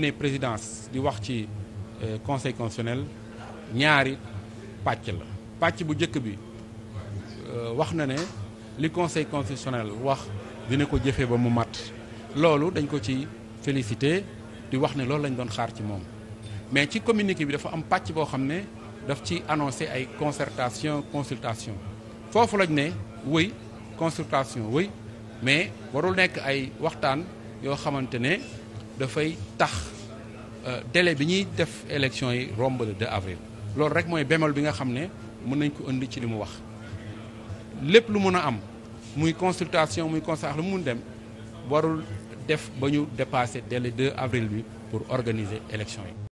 ne présidence di wax ci euh, conseil constitutionnel ñaari pàcc la pàcc bu njëkk bi euh, wax na ne li conseil constitutionnel wax dina ko jëfee ba mu mat loolu dañ ko ci félicité di wax ne loolu lañ doon xaar ci moom mais ci communiqué bi dafa am pàcc boo xam ne daf ci annoncé ay concertation consultation foofu lañ ne wëy consultation wëy mais warul nekk ay waxtaan yoo xamante ne dafay tax euh, délai bi ñuy def élection yi romb le 2 avril loolu rek mooy bémol bi nga xam ne mun nañ ko indi ci li mu wax lépp lu mun a am muy consultation muy constat lu mu mun dem warul def ba ñu dépasser délai 2 avril bi pour organiser élection yi